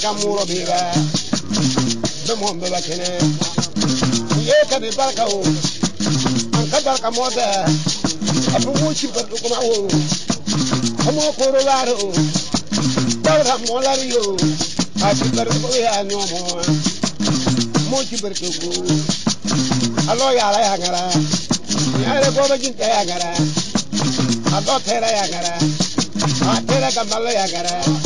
ka muro biba be mo be ba kene ye ka be barka o an ka barka mo da abu wo chi ba ko o mo ko ro la ro barka mo la ro a chi bar ko ya nyo mo mo chi bar ko ko alo ya la ya ngara ya re ko ba jin ya ngara alo thera ya ngara a thera ka mal ya ngara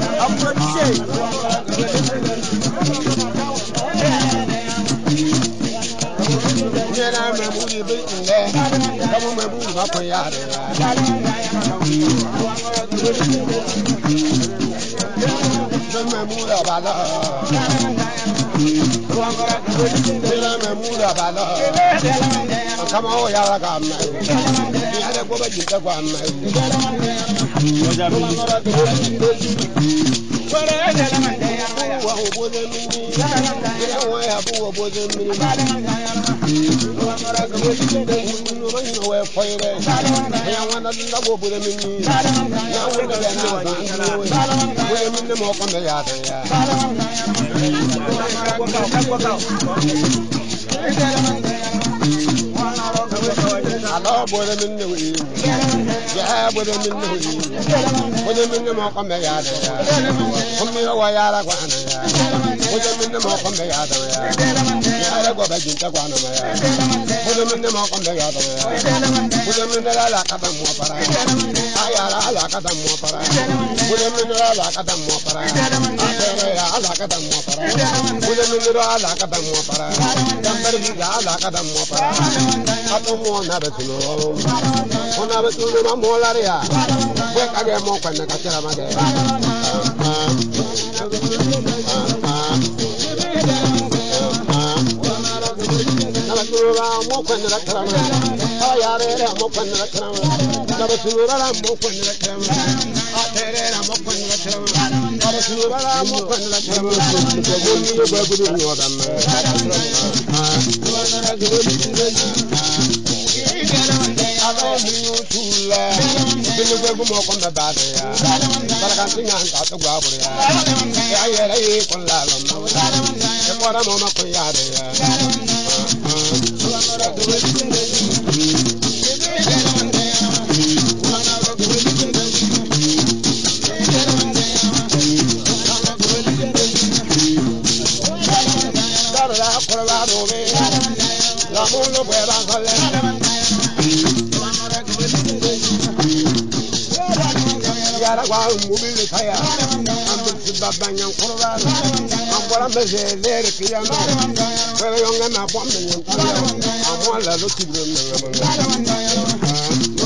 Yana mai wara da laman da ya wa obozin mini ya wa ya bu obozin mini ba da man ga ya ma wa mara ga mu cikin da mun no ban no wa foire ya wa da da go bu da mini ya wa da na ba da wa ya min da mo kan da ya da ya ko ka ko ka ko ka da man ga ya ma على بولا من نوي يا بولا من نوي بولا من موقم يا ديا هم يوا يا لا وانا يا بولا من موقم يا ديا يا لا غبا جنت وانا يا بولا من موقم يا ديا بولا من لا لا كبا مو فرا alakada mọ para bule nindro alakada mọ para afẹrẹ alakada mọ para bule nindro alakada mọ para gambari bila alakada mọ para ato mọ nabe tulo mọ nabe ma mọ mọ ka I'm Thank you. pueda mover, la amor no pueda salir. Yara kwa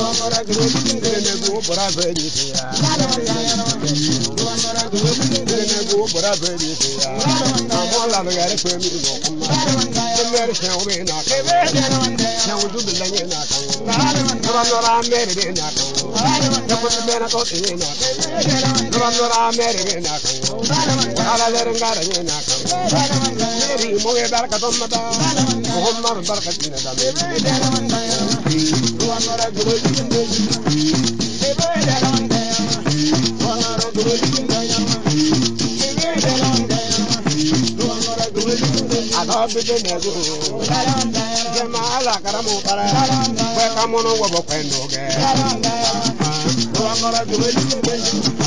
Muhammad Barakatina Dami bide negu jema ala karamu kara kwe kamono wabo kwendo ge Tuangora duwe liwe